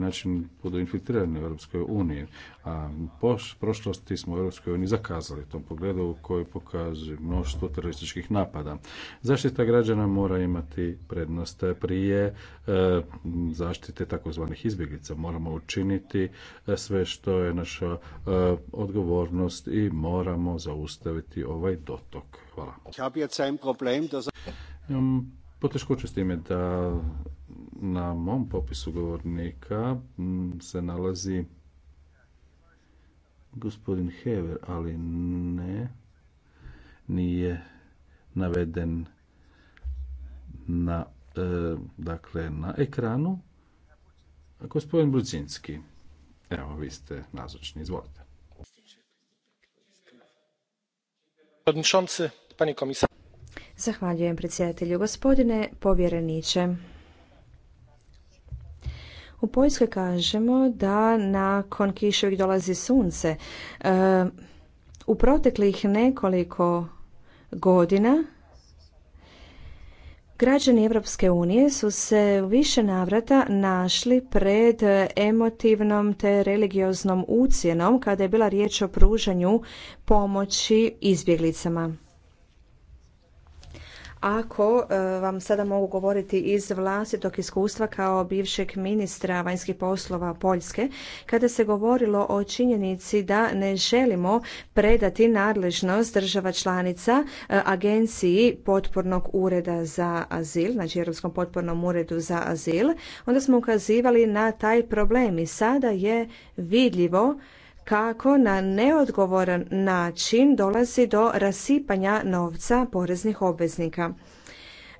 način budu infiltrirani u Europskoj uniji. A po prošlosti smo u Europskoj uniji zakazali u tom pogledu koji pokazuje mnoštvo terorističkih napada. Zaštita građana mora imati prednost prije e, zaštite takozvanih izbjeglica. Moramo učiniti e, sve što je naša e, odgovornost i moramo zaustaviti ovaj dotok. Hvala. Imam poteškoće s time da na mom popisu govornika mm, se nalazi gospodin Hever, ali ne, nije naveden na, e, dakle, na ekranu. Gospodin Brudzinski, evo, vi ste nazočni, izvolite. Zahvaljujem predsjedatelju. Gospodine povjereniče, u Poljskoj kažemo da nakon kišovih dolazi sunce. E, u proteklih nekoliko godina Građani Europske unije su se više navrata našli pred emotivnom te religioznom ucjenom kada je bila riječ o pružanju pomoći izbjeglicama. Ako e, vam sada mogu govoriti iz vlastitog iskustva kao bivšeg ministra vanjskih poslova Poljske, kada se govorilo o činjenici da ne želimo predati nadležnost država članica e, agenciji potpornog ureda za azil, znači Europskom potpornom uredu za azil, onda smo ukazivali na taj problem i sada je vidljivo kako na neodgovoran način dolazi do rasipanja novca poreznih obveznika.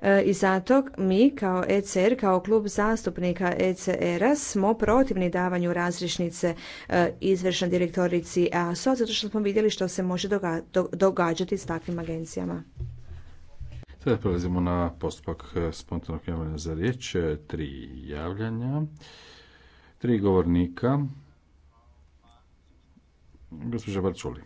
E, I zato mi kao ECR, kao klub zastupnika ECR-a smo protivni davanju razrišnice e, izvršnoj direktorici EASO, zato što smo vidjeli što se može događati s takvim agencijama. Sada prelazimo na postupak e, spontanog javljanja za riječ. Tri javljanja, tri govornika. Gospođa Barčuli.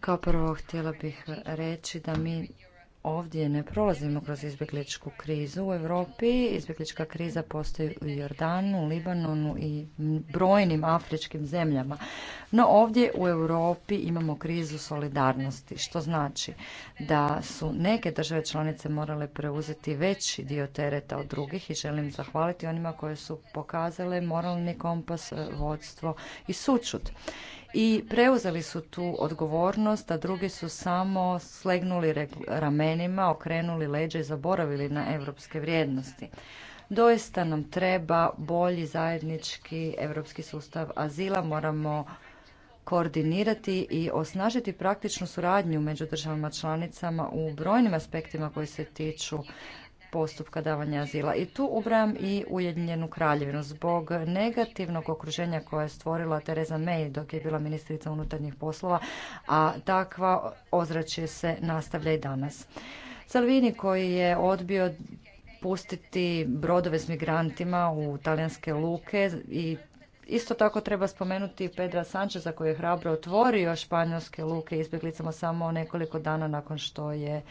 Kao prvo htjela bih reći da mi ovdje ne prolazimo kroz izbjegličku krizu u Europi. Izbjeglička kriza postoji u Jordanu, Libanonu i brojnim afričkim zemljama. No ovdje u Europi imamo krizu solidarnosti, što znači da su neke države članice morale preuzeti veći dio tereta od drugih i želim zahvaliti onima koje su pokazale moralni kompas, vodstvo i sućut i preuzeli su tu odgovornost, a drugi su samo slegnuli ramenima, okrenuli leđa i zaboravili na europske vrijednosti. Doista nam treba bolji zajednički europski sustav azila, moramo koordinirati i osnažiti praktičnu suradnju među državama članicama u brojnim aspektima koji se tiču postupka davanja azila. I tu ubrajam i Ujedinjenu kraljevinu. Zbog negativnog okruženja koje je stvorila Tereza May dok je bila ministrica unutarnjih poslova, a takva ozračje se nastavlja i danas. Salvini koji je odbio pustiti brodove s migrantima u talijanske luke i Isto tako treba spomenuti Pedra Sančeza koji je hrabro otvorio španjolske luke izbjeglicama samo nekoliko dana nakon što je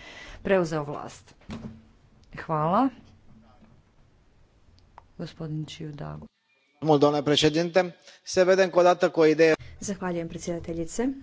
preuzeo vlast. Hvala. Gospodin Čiudagu. Domnule președinte, se vedem încă o dată cu o Zahvaljujem predsjedateljice.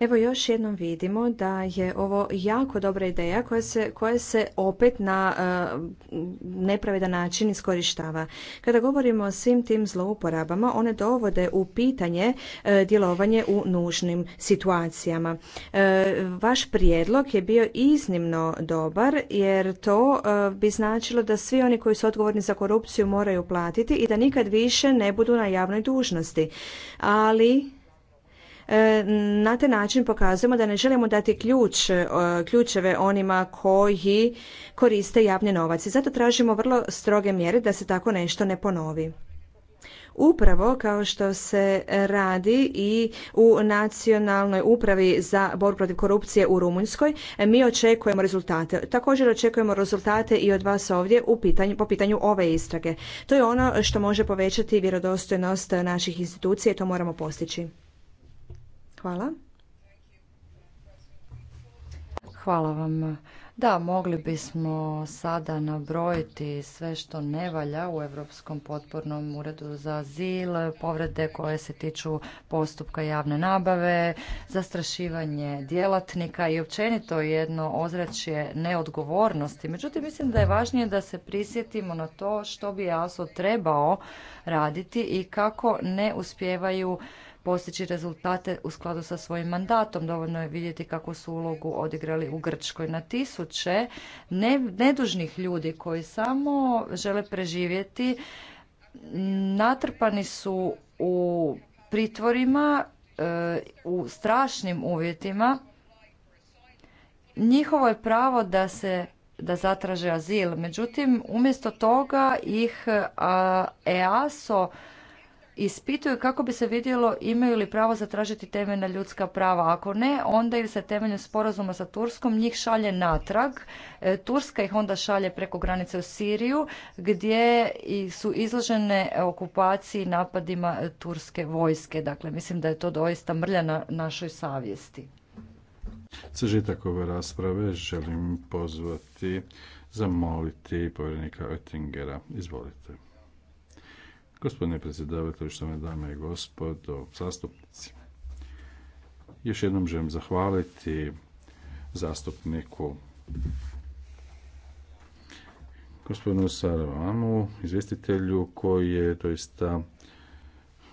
Evo još jednom vidimo da je ovo jako dobra ideja koja se, koja se opet na eh, nepravedan način iskorištava. Kada govorimo o svim tim zlouporabama, one dovode u pitanje eh, djelovanje u nužnim situacijama. Eh, vaš prijedlog je bio iznimno dobar jer to bi značilo da svi oni koji su odgovorni za korupciju moraju platiti i da nikad više ne budu na javnoj dužnosti. Ali E, na taj način pokazujemo da ne želimo dati ključ, e, ključeve onima koji koriste javni novac. I zato tražimo vrlo stroge mjere da se tako nešto ne ponovi upravo kao što se radi i u nacionalnoj upravi za borbu protiv korupcije u Rumunjskoj. E, mi očekujemo rezultate. Također očekujemo rezultate i od vas ovdje u pitanju, po pitanju ove istrage. To je ono što može povećati vjerodostojnost naših institucija i to moramo postići. Hvala. Hvala vam. Da, mogli bismo sada nabrojiti sve što ne valja u Europskom potpornom uredu za azil, povrede koje se tiču postupka javne nabave, zastrašivanje djelatnika i općenito jedno ozračje neodgovornosti. Međutim, mislim da je važnije da se prisjetimo na to što bi ASO trebao raditi i kako ne uspijevaju postići rezultate u skladu sa svojim mandatom. Dovoljno je vidjeti kako su ulogu odigrali u Grčkoj. Na tisuće nedužnih ljudi koji samo žele preživjeti natrpani su u pritvorima, e, u strašnim uvjetima. Njihovo je pravo da se da zatraže azil. Međutim, umjesto toga ih EASO ispituju kako bi se vidjelo imaju li pravo zatražiti temeljna ljudska prava. Ako ne, onda ili se temeljem sporazuma sa Turskom njih šalje natrag. E, Turska ih onda šalje preko granice u Siriju gdje su izložene okupaciji napadima e, turske vojske. Dakle, mislim da je to doista mrlja na našoj savjesti. Sažetak ove rasprave želim pozvati, zamoliti povjerenika Oettingera. Izvolite. Gospodine što me dame i gospodo, zastupnici. Još jednom želim zahvaliti zastupniku gospodinu Saravamu, izvjestitelju koji je doista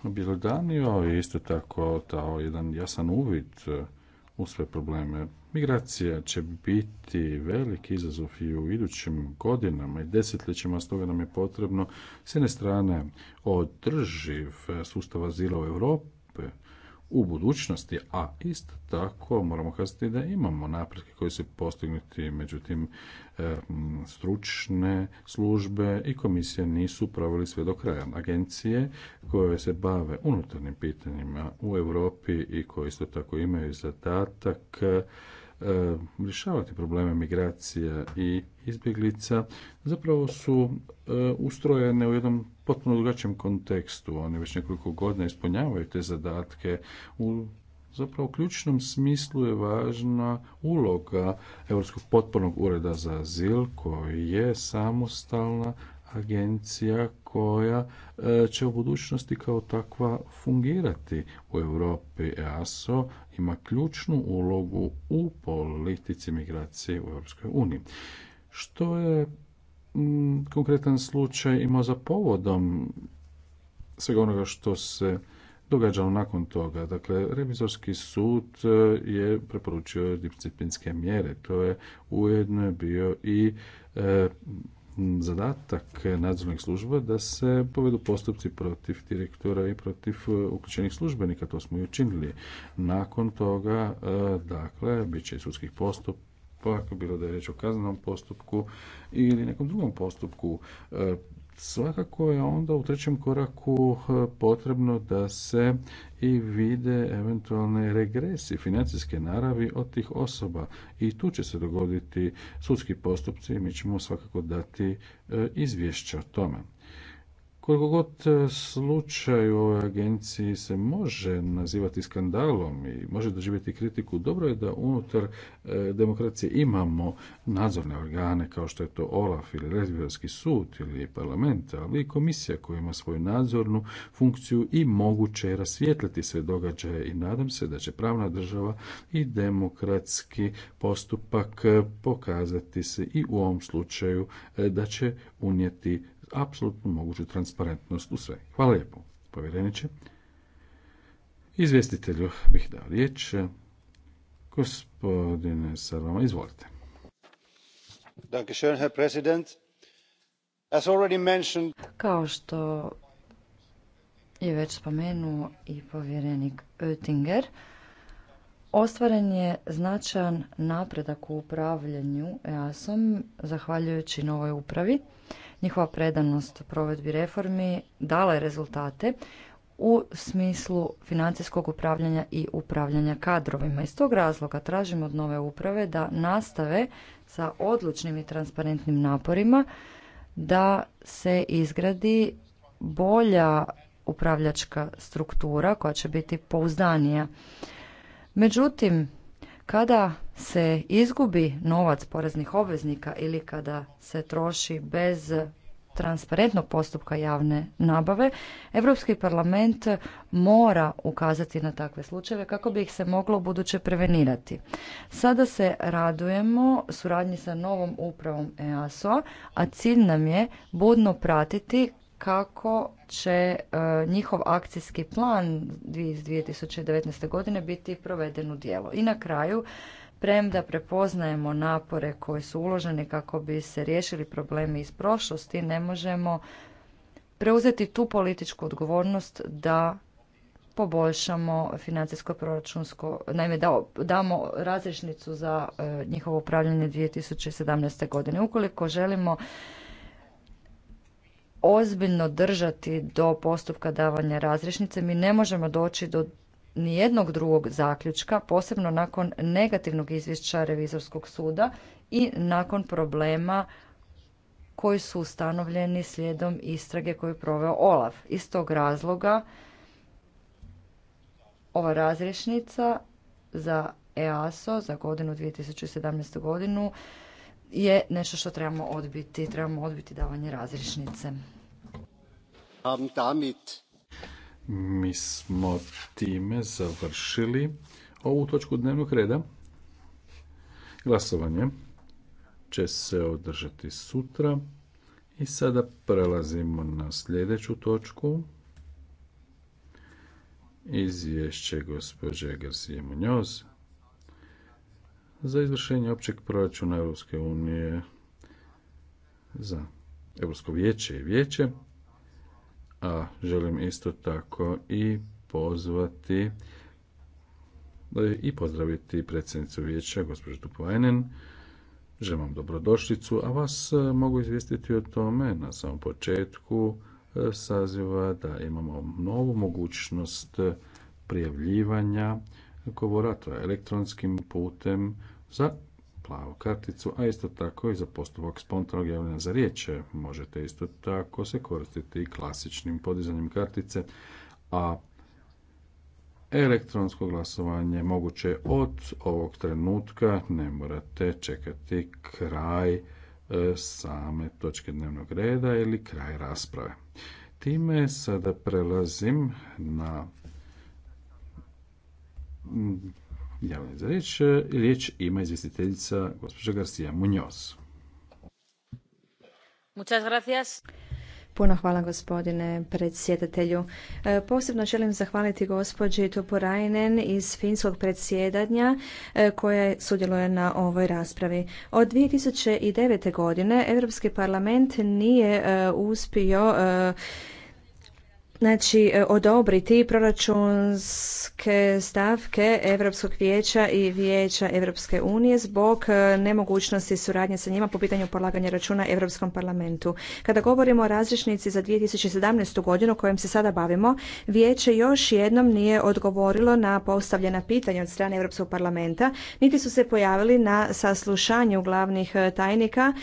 objelodanio i isto tako dao jedan jasan uvid u sve probleme Migracija će biti veliki izazov i u idućim godinama i desetljećima, stoga nam je potrebno s jedne strane održiv sustav azila u Europi, u budućnosti, a isto tako moramo kazati da imamo napretke koji su postignuti, međutim stručne službe i komisije nisu proveli sve do kraja. Agencije koje se bave unutarnjim pitanjima u Europi i koje isto tako imaju zadatak E, rješavati probleme migracija i izbjeglica zapravo su e, ustrojene u jednom potpuno drugačijem kontekstu. Oni već nekoliko godina ispunjavaju te zadatke u zapravo u ključnom smislu je važna uloga Europskog potpornog ureda za azil koji je samostalna agencija koja e, će u budućnosti kao takva fungirati u Europi. EASO ima ključnu ulogu u politici migracije u Europskoj uniji. Što je mm, konkretan slučaj imao za povodom svega onoga što se događalo nakon toga. Dakle, revizorski sud e, je preporučio disciplinske mjere. To je ujedno bio i e, zadatak nadzornih služba da se povedu postupci protiv direktora i protiv e, uključenih službenika. To smo i učinili. Nakon toga, e, dakle, bit će i sudskih postup, bilo da je reč o kaznenom postupku ili nekom drugom postupku e, Svakako je onda u trećem koraku eh, potrebno da se i vide eventualne regresi financijske naravi od tih osoba i tu će se dogoditi sudski postupci i mi ćemo svakako dati eh, izvješće o tome. Koliko god e, slučaj u ovoj agenciji se može nazivati skandalom i može doživjeti kritiku, dobro je da unutar e, demokracije imamo nadzorne organe kao što je to OLAF ili Revizorski sud ili parlament, ali i komisija koja ima svoju nadzornu funkciju i moguće je rasvijetliti sve događaje i nadam se da će pravna država i demokratski postupak e, pokazati se i u ovom slučaju da će unijeti apsolutno moguću transparentnost u sve. Hvala lijepo, povjereniče. Izvjestitelju bih dao riječ. Gospodine Sarvama, izvolite. Kao što je već spomenuo i povjerenik Oettinger, ostvaren je značajan napredak u upravljanju EAS-om zahvaljujući novoj upravi. Njihova predanost provedbi reformi dala je rezultate u smislu financijskog upravljanja i upravljanja kadrovima. Iz tog razloga tražimo od nove uprave da nastave sa odlučnim i transparentnim naporima da se izgradi bolja upravljačka struktura koja će biti pouzdanija. Međutim, kada se izgubi novac poreznih obveznika ili kada se troši bez transparentnog postupka javne nabave, Europski parlament mora ukazati na takve slučajeve kako bi ih se moglo buduće prevenirati. Sada se radujemo suradnji sa novom upravom EASO, a cilj nam je budno pratiti kako će e, njihov akcijski plan iz 2019. godine biti proveden u djelo. I na kraju Premda prepoznajemo napore koji su uloženi kako bi se riješili problemi iz prošlosti, ne možemo preuzeti tu političku odgovornost da poboljšamo financijsko proračunsko, naime da damo razrešnicu za e, njihovo upravljanje 2017. godine. Ukoliko želimo ozbiljno držati do postupka davanja razrešnice, mi ne možemo doći do nijednog drugog zaključka, posebno nakon negativnog izvješća Revizorskog suda i nakon problema koji su ustanovljeni slijedom istrage koju je proveo Olaf. Iz tog razloga ova razrješnica za EASO za godinu 2017. godinu je nešto što trebamo odbiti. Trebamo odbiti davanje razrješnice. damit mi smo time završili ovu točku dnevnog reda. Glasovanje će se održati sutra. I sada prelazimo na sljedeću točku. Izvješće gospođe Garcije Munoz za izvršenje općeg proračuna Europske unije za Europsko vijeće i vijeće a želim isto tako i pozvati e, i pozdraviti predsjednicu vijeća, gospođu Tupajnen. Želim vam dobrodošlicu, a vas e, mogu izvijestiti o tome na samom početku e, saziva da imamo novu mogućnost prijavljivanja govora, to je elektronskim putem za plavu karticu, a isto tako i za postupak spontanog javljanja za riječ. Možete isto tako se koristiti i klasičnim podizanjem kartice, a elektronsko glasovanje moguće od ovog trenutka, ne morate čekati kraj e, same točke dnevnog reda ili kraj rasprave. Time sada prelazim na javljanje za riječ. Riječ ima izvjestiteljica gospođa Garcia Muñoz. Muchas gracias. Puno hvala gospodine predsjedatelju. E, posebno želim zahvaliti gospođi Toporajnen iz finskog predsjedanja e, koja sudjeluje na ovoj raspravi. Od 2009. godine Europski parlament nije e, uspio znači e, odobriti proračunske stavke Europskog vijeća i vijeća Europske unije zbog e, nemogućnosti suradnje sa njima po pitanju polaganja računa Europskom parlamentu. Kada govorimo o različnici za 2017. godinu kojom se sada bavimo, vijeće još jednom nije odgovorilo na postavljena pitanja od strane Europskog parlamenta, niti su se pojavili na saslušanju glavnih e, tajnika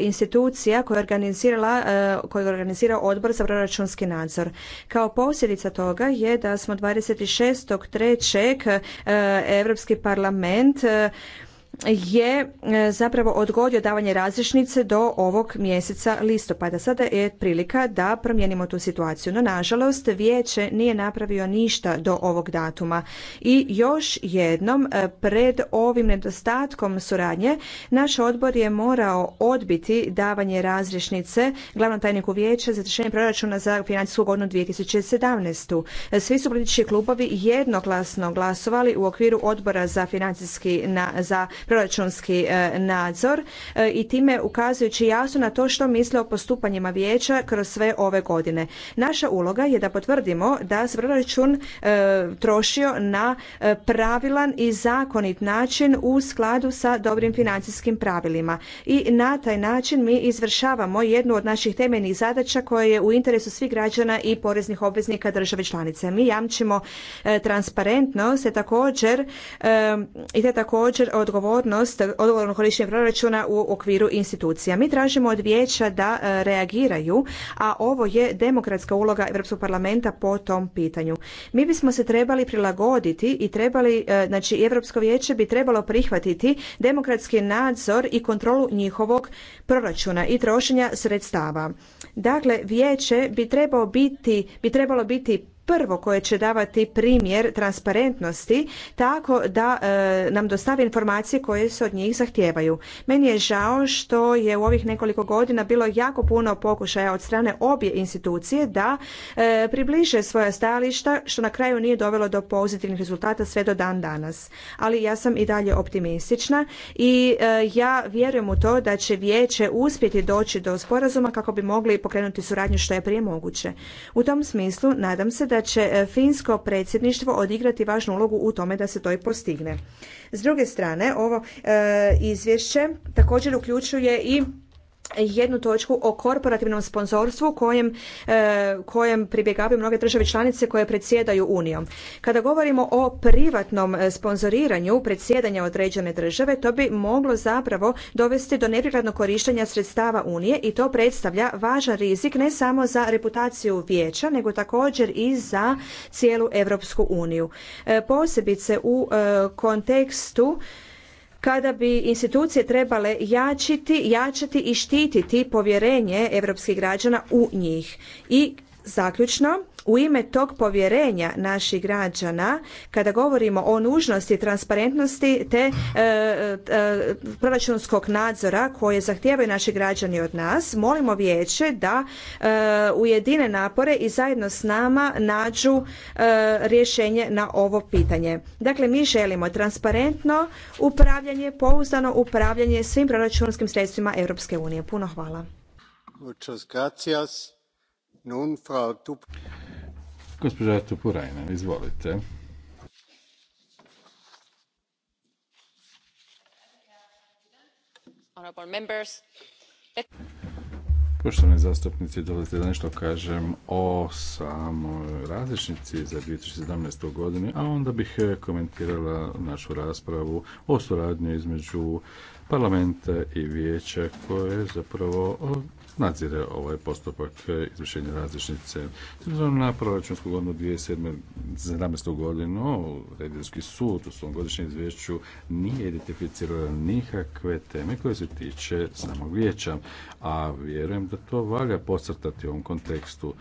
institucija koje, organizirala, koje organizira odbor za proračunski nadzor. Kao posljedica toga je da smo 26.3. Europski parlament e, je e, zapravo odgodio davanje razrješnice do ovog mjeseca listopada. Sada je prilika da promijenimo tu situaciju. No, nažalost, vijeće nije napravio ništa do ovog datuma. I još jednom, e, pred ovim nedostatkom suradnje, naš odbor je morao odbiti davanje razrješnice glavnom tajniku vijeća za tršenje proračuna za financijsku godinu 2017. E, svi su politički klubovi jednoglasno glasovali u okviru odbora za financijski na, za proračunski e, nadzor e, i time ukazujući jasno na to što misle o postupanjima vijeća kroz sve ove godine. Naša uloga je da potvrdimo da se proračun e, trošio na pravilan i zakonit način u skladu sa dobrim financijskim pravilima i na taj način mi izvršavamo jednu od naših temeljnih zadaća koja je u interesu svih građana i poreznih obveznika države članice. Mi jamčimo transparentnost te također i te također odgovornost odgovornost, odgovorno korištenje proračuna u okviru institucija. Mi tražimo od vijeća da e, reagiraju, a ovo je demokratska uloga Europskog parlamenta po tom pitanju. Mi bismo se trebali prilagoditi i trebali, e, znači Europsko vijeće bi trebalo prihvatiti demokratski nadzor i kontrolu njihovog proračuna i trošenja sredstava. Dakle, vijeće bi trebalo biti, bi trebalo biti prvo koje će davati primjer transparentnosti tako da e, nam dostavi informacije koje se od njih zahtijevaju. Meni je žao što je u ovih nekoliko godina bilo jako puno pokušaja od strane obje institucije da e, približe svoja stajališta što na kraju nije dovelo do pozitivnih rezultata sve do dan danas. Ali ja sam i dalje optimistična i e, ja vjerujem u to da će vijeće uspjeti doći do sporazuma kako bi mogli pokrenuti suradnju što je prije moguće. U tom smislu nadam se da će e, finsko predsjedništvo odigrati važnu ulogu u tome da se to i postigne. S druge strane, ovo e, izvješće također uključuje i jednu točku o korporativnom sponzorstvu kojem, e, kojem pribjegavaju mnoge države članice koje predsjedaju Unijom. Kada govorimo o privatnom e, sponzoriranju predsjedanja određene države, to bi moglo zapravo dovesti do neprikladnog korištenja sredstava Unije i to predstavlja važan rizik ne samo za reputaciju vijeća, nego također i za cijelu Europsku uniju. E, posebice u kontekstu kada bi institucije trebale jačiti, jačati i štititi povjerenje europskih građana u njih. I zaključno, u ime tog povjerenja naših građana kada govorimo o nužnosti transparentnosti te e, e, e, proračunskog nadzora koje zahtijevaju naši građani od nas molimo vijeće da ujedine napore i zajedno s nama nađu rješenje na ovo pitanje dakle mi želimo transparentno upravljanje pouzdano upravljanje svim proračunskim sredstvima europske unije puno hvala Gospođa Tupurajna, izvolite. Poštovani zastupnici, dolazite da nešto kažem o samoj različnici za 2017. godini, a onda bih eh, komentirala našu raspravu o suradnju između parlamenta i vijeća koje zapravo eh, nadzire ovaj postupak izvršenja različnice. S na proračunsku godinu 2017. godinu, Redijski sud u svom godišnjem izvješću nije identificirao nikakve teme koje se tiče samog vijeća, a vjerujem da to valja posrtati u ovom kontekstu.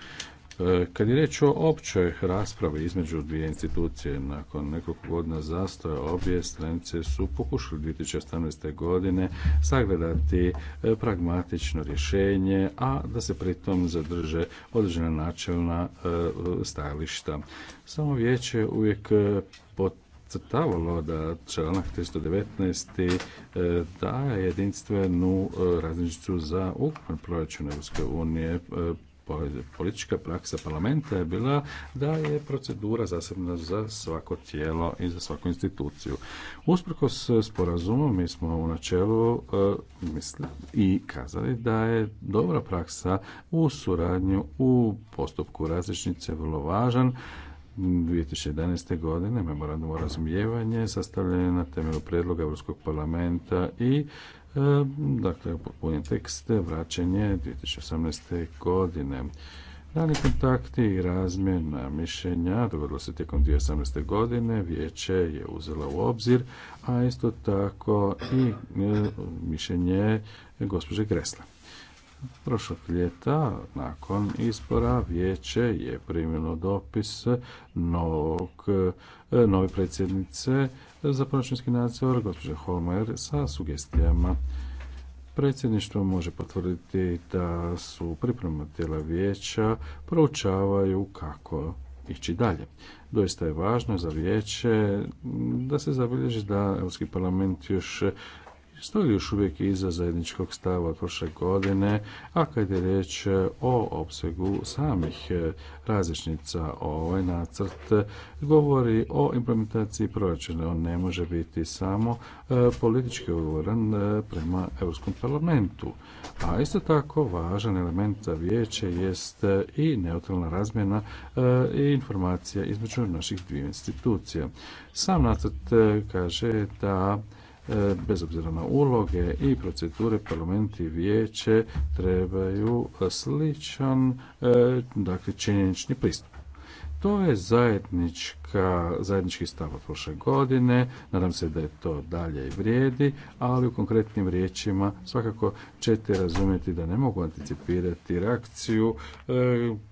E, kad je reč o općoj raspravi između dvije institucije, nakon nekoliko godina zastoja obje stranice su pokušali 2018. godine sagledati e, pragmatično rješenje, a da se pritom zadrže određena načelna e, stajališta. Samo vijeće uvijek pot podcrtavalo da članak 319. daje jedinstvenu različicu za ukupan proračun Europske unije politička praksa parlamenta je bila da je procedura zasebna za svako tijelo i za svaku instituciju. Usprkos sporazumu mi smo u načelu e, mislim, i kazali da je dobra praksa u suradnju u postupku različnice vrlo važan 2011. godine memorandum o razumijevanju sastavljen na temelju predloga Europskog parlamenta i E, dakle, potpuni tekst, vraćanje 2018. godine. Dani kontakti i razmjena mišljenja dogodilo se tijekom 2018. godine, vijeće je uzela u obzir, a isto tako i e, mišljenje gospođe Gresla prošlog ljeta nakon izbora vijeće je primilo dopis novog, e, nove predsjednice za proračunski nadzor gospođe Holmer sa sugestijama predsjedništvo može potvrditi da su priprema tijela vijeća proučavaju kako ići dalje. Doista je važno za vijeće da se zabilježi da Europski parlament još stoji još uvijek iza zajedničkog stava prošle godine, a kad je riječ o opsegu samih e, različnica, ovaj nacrt govori o implementaciji proračuna. On ne može biti samo e, politički odgovoran e, prema Europskom parlamentu. A isto tako važan element za vijeće jest i neutralna razmjena i informacija između naših dvije institucija. Sam nacrt kaže da E, bez obzira na uloge i procedure parlament i vijeće trebaju sličan e, dakle činjenični pristup. To je zajednička, zajednički stav od prošle godine, nadam se da je to dalje i vrijedi, ali u konkretnim riječima svakako ćete razumjeti da ne mogu anticipirati reakciju e,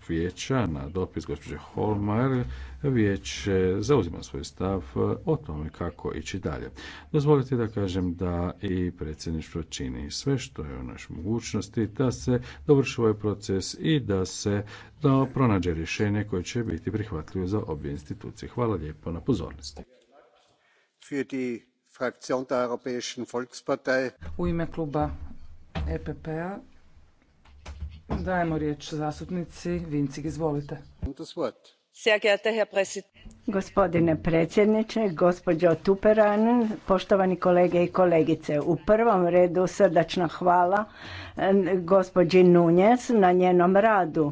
vijeća na dopis gospođe Holmar vijeće zauzima svoj stav o tome kako ići dalje. Dozvolite da kažem da i predsjedništvo čini sve što je u našoj mogućnosti da se dovrši ovaj proces i da se pronađe rješenje koje će biti prihvatljivo za obje institucije. Hvala lijepo na pozornosti. U ime kluba epp p-a, Dajemo riječ zastupnici Vincik, izvolite. Gospodine predsjedniče, gospođo Tuperan, poštovani kolege i kolegice, u prvom redu srdačna hvala eh, gospođi Nunjes na njenom radu.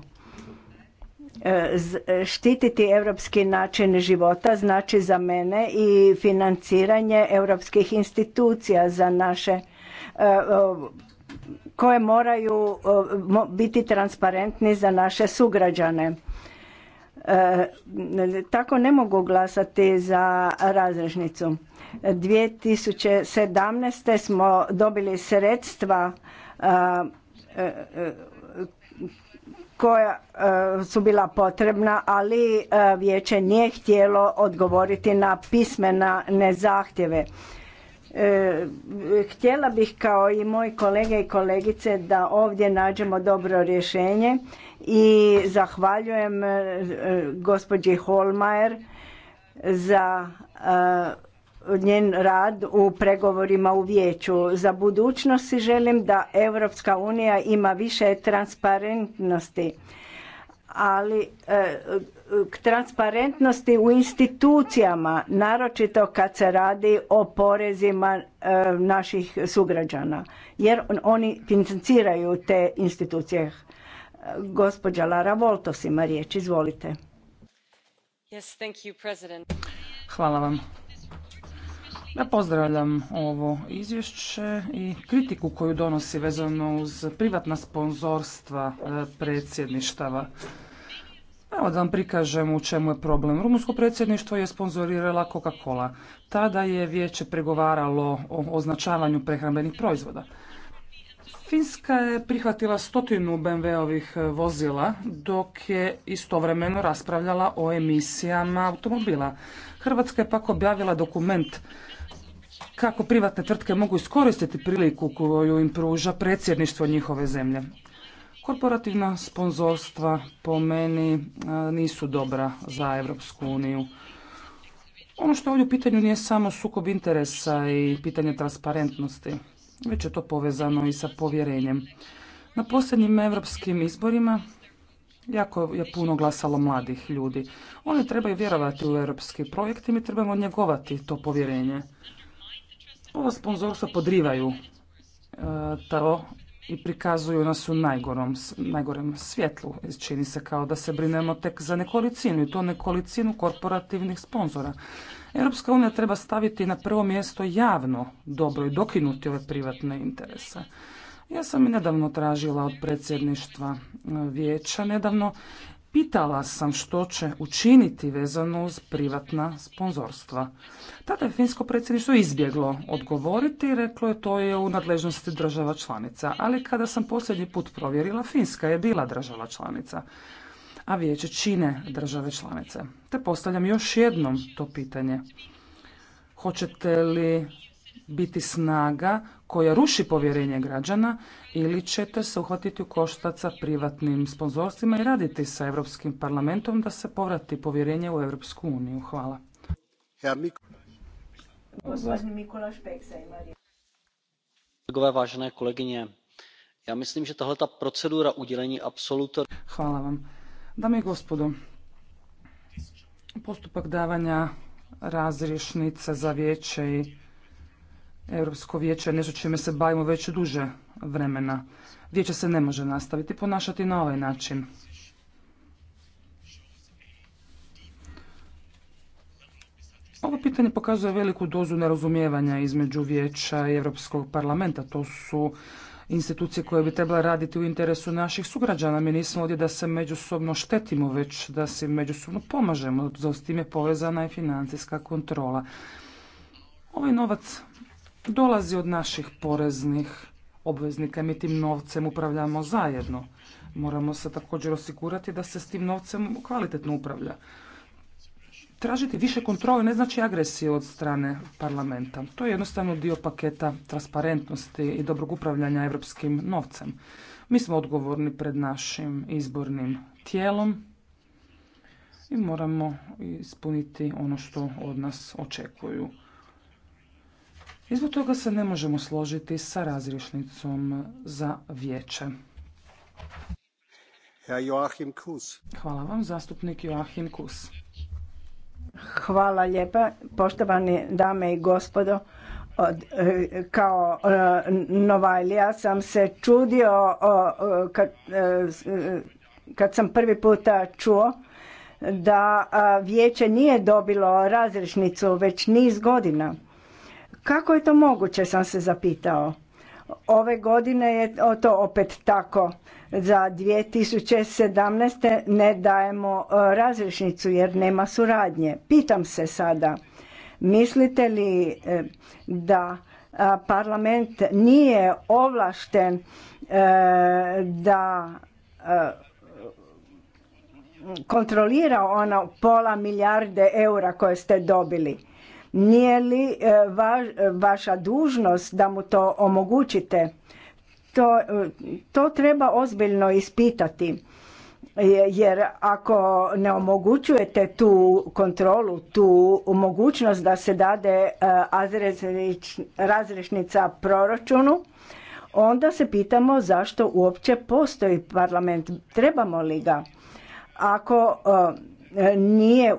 Eh, štititi europski način života znači za mene i financiranje europskih institucija za naše eh, koje moraju biti transparentni za naše sugrađane. E, tako ne mogu glasati za razrežnicu. 2017. smo dobili sredstva e, e, koja su bila potrebna, ali vijeće nije htjelo odgovoriti na pismena nezahtjeve. zahtjeve E, htjela bih kao i moji kolege i kolegice da ovdje nađemo dobro rješenje i zahvaljujem e, gospođi Holmajer za e, njen rad u pregovorima u vijeću. Za budućnost si želim da Europska unija ima više transparentnosti ali transparentnosti u institucijama, naročito kad se radi o porezima e, naših sugrađana, jer oni financiraju te institucije. E, gospođa Lara Voltos ima riječ, izvolite. Yes, Hvala vam. Ja pozdravljam ovo izvješće i kritiku koju donosi vezano uz privatna sponzorstva e, predsjedništava. Evo da vam prikažem u čemu je problem. Rumunsko predsjedništvo je sponzorirala Coca-Cola. Tada je vijeće pregovaralo o označavanju prehrambenih proizvoda. Finska je prihvatila stotinu BMW-ovih vozila, dok je istovremeno raspravljala o emisijama automobila. Hrvatska je pak objavila dokument kako privatne tvrtke mogu iskoristiti priliku koju im pruža predsjedništvo njihove zemlje. Korporativna sponzorstva po meni e, nisu dobra za Europsku uniju. Ono što je ovdje u pitanju nije samo sukob interesa i pitanje transparentnosti, već je to povezano i sa povjerenjem. Na posljednjim europskim izborima jako je puno glasalo mladih ljudi. Oni trebaju vjerovati u europski projekt i mi trebamo njegovati to povjerenje. Ova sponzorstva podrivaju e, to i prikazuju nas u najgorom, najgorem svjetlu. Čini se kao da se brinemo tek za nekolicinu i to nekolicinu korporativnih sponzora. Europska unija treba staviti na prvo mjesto javno dobro i dokinuti ove privatne interese. Ja sam i nedavno tražila od predsjedništva e, vijeća nedavno Pitala sam što će učiniti vezano uz privatna sponzorstva. Tada je finsko predsjedništvo izbjeglo odgovoriti i reklo je to je u nadležnosti država članica. Ali kada sam posljednji put provjerila, Finska je bila država članica, a vijeće čine države članice. Te postavljam još jednom to pitanje. Hoćete li biti snaga koja ruši povjerenje građana ili ćete se uhvatiti u koštac sa privatnim sponzorstvima i raditi sa Europskim parlamentom da se povrati povjerenje u Europsku uniju. Hvala. ja že tahle ta procedura absolutor... Hvala vam. Dame i gospodo, postupak davanja razrješnice za vijeće i Europsko vijeće je nešto čime se bavimo već duže vremena. Vijeće se ne može nastaviti ponašati na ovaj način. Ovo pitanje pokazuje veliku dozu nerazumijevanja između vijeća i Europskog parlamenta. To su institucije koje bi trebala raditi u interesu naših sugrađana. Mi nismo ovdje da se međusobno štetimo, već da se međusobno pomažemo. S tim je povezana i financijska kontrola. Ovaj novac dolazi od naših poreznih obveznika i mi tim novcem upravljamo zajedno. Moramo se također osigurati da se s tim novcem kvalitetno upravlja. Tražiti više kontrole ne znači agresiju od strane parlamenta. To je jednostavno dio paketa transparentnosti i dobrog upravljanja europskim novcem. Mi smo odgovorni pred našim izbornim tijelom i moramo ispuniti ono što od nas očekuju. I zbog toga se ne možemo složiti sa razrišnicom za vijeće. Hvala vam, zastupnik Joachim Kus. Hvala lijepa, poštovani dame i gospodo. Od, e, kao e, Novajlija sam se čudio kad, e, kad sam prvi puta čuo da vijeće nije dobilo razrešnicu već niz godina kako je to moguće, sam se zapitao. Ove godine je to opet tako. Za 2017. ne dajemo e, razrišnicu jer nema suradnje. Pitam se sada, mislite li e, da parlament nije ovlašten e, da kontrolira ono pola milijarde eura koje ste dobili? Nije li e, vaša dužnost da mu to omogućite? To, e, to treba ozbiljno ispitati jer ako ne omogućujete tu kontrolu, tu mogućnost da se dade e, razrešnica proračunu, onda se pitamo zašto uopće postoji parlament, trebamo li ga. Ako nije,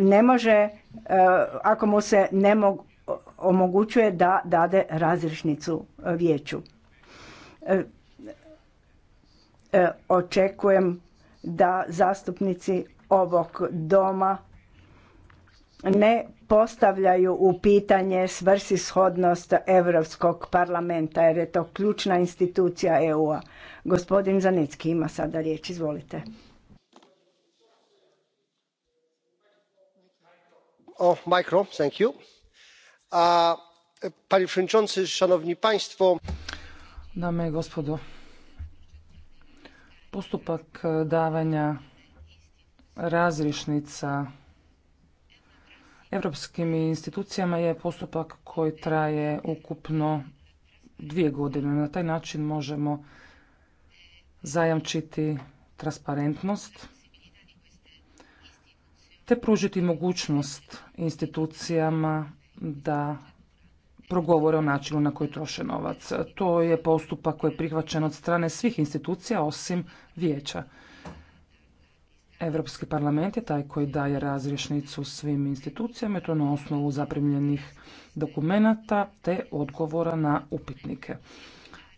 ne može, e, ako mu se ne omogućuje da dade razrišnicu e, vijeću. E, očekujem da zastupnici ovog doma ne postavljaju u pitanje svrsishodnost Europskog parlamenta jer je to ključna institucija EU-a. Gospodin Zanicki ima sada riječ, izvolite. panie przewodniczący! szanowni państwo! dame i gospodo postupak e, davanja razrješnica europskim institucijama je postupak koji traje ukupno dvije godine. na taj način možemo zajamčiti transparentnost te pružiti mogućnost institucijama da progovore o načinu na koji troše novac. To je postupak koji je prihvaćen od strane svih institucija osim vijeća. Europski parlament je taj koji daje razrješnicu svim institucijama to na osnovu zaprimljenih dokumenata te odgovora na upitnike.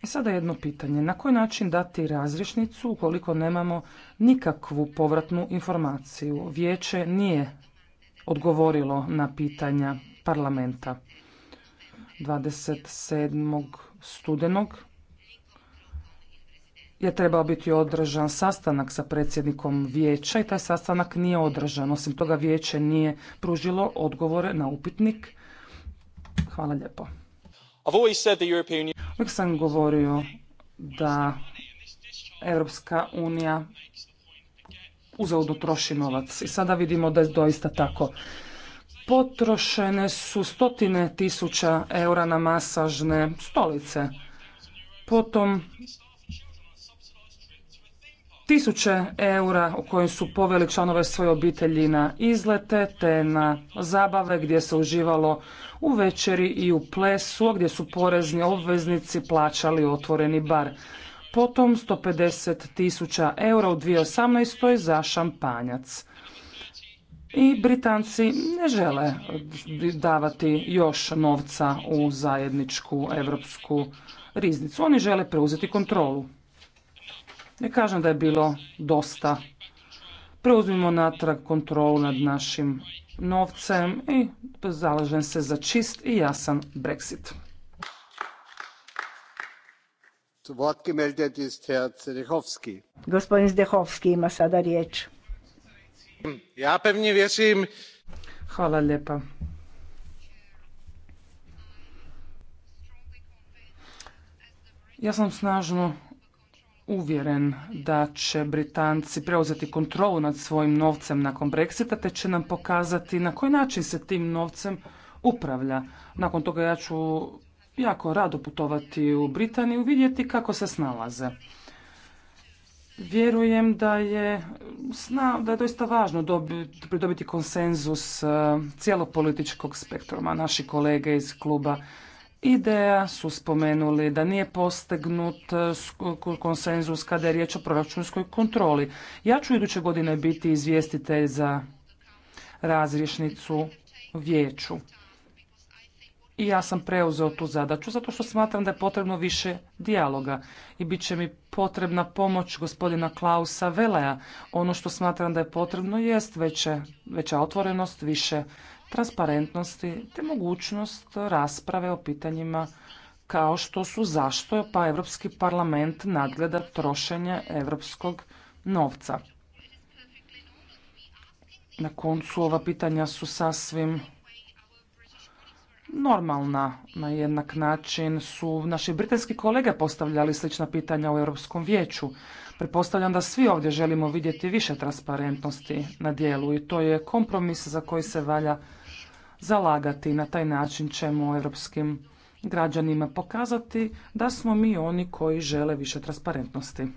I e, sada jedno pitanje. Na koji način dati razrišnicu ukoliko nemamo nikakvu povratnu informaciju? Vijeće nije odgovorilo na pitanja parlamenta. 27. studenog je trebao biti održan sastanak sa predsjednikom vijeća i taj sastanak nije održan. Osim toga vijeće nije pružilo odgovore na upitnik. Hvala lijepo. Uvijek sam govorio da Europska unija uzaludno troši novac i sada vidimo da je doista tako. Potrošene su stotine tisuća eura na masažne stolice. Potom tisuće eura u kojim su poveli članove svoje obitelji na izlete te na zabave gdje se uživalo u večeri i u plesu gdje su porezni obveznici plaćali otvoreni bar. Potom 150 tisuća eura u 2018. za šampanjac. I Britanci ne žele davati još novca u zajedničku evropsku riznicu. Oni žele preuzeti kontrolu. Ne kažem da je bilo dosta. Preuzmimo natrag kontrolu nad našim novcem i zalažem se za čist i jasan Brexit. Gospodin Zdehovski ima sada riječ. Ja pewnie vješim. Hvala lijepa. Ja sam snažno uvjeren da će Britanci preuzeti kontrolu nad svojim novcem nakon Brexita te će nam pokazati na koji način se tim novcem upravlja. Nakon toga ja ću jako rado putovati u Britaniju, vidjeti kako se snalaze. Vjerujem da je, da je doista važno dobiti, pridobiti konsenzus eh, cijelog političkog spektruma. Naši kolege iz kluba ideja su spomenuli da nije postignut e, konsenzus kada je riječ o proračunskoj kontroli. Ja ću iduće godine biti izvjestitelj za razrješnicu vijeću. I ja sam preuzeo tu zadaću zato što smatram da je potrebno više dijaloga i bit će mi potrebna pomoć gospodina Klausa Veleja. Ono što smatram da je potrebno jest veća otvorenost, više transparentnosti te mogućnost rasprave o pitanjima kao što su zašto pa Europski parlament nadgleda trošenje europskog novca. Na koncu ova pitanja su sasvim normalna. Na jednak način su naši britanski kolege postavljali slična pitanja u Europskom vijeću. Pretpostavljam da svi ovdje želimo vidjeti više transparentnosti na dijelu i to je kompromis za koji se valja zalagati. Na taj način ćemo europskim građanima pokazati da smo mi oni koji žele više transparentnosti.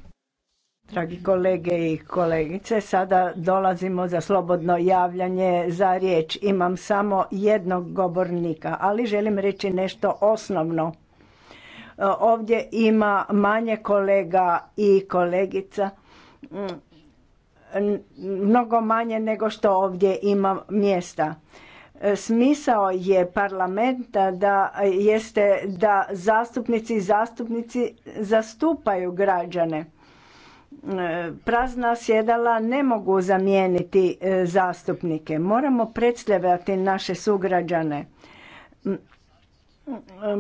Dragi kolege i kolegice, sada dolazimo za slobodno javljanje za riječ. Imam samo jednog govornika, ali želim reći nešto osnovno. Ovdje ima manje kolega i kolegica, mnogo manje nego što ovdje ima mjesta. Smisao je parlamenta da jeste da zastupnici i zastupnici zastupaju građane. Prazna sjedala ne mogu zamijeniti e, zastupnike. Moramo predstavljati naše sugrađane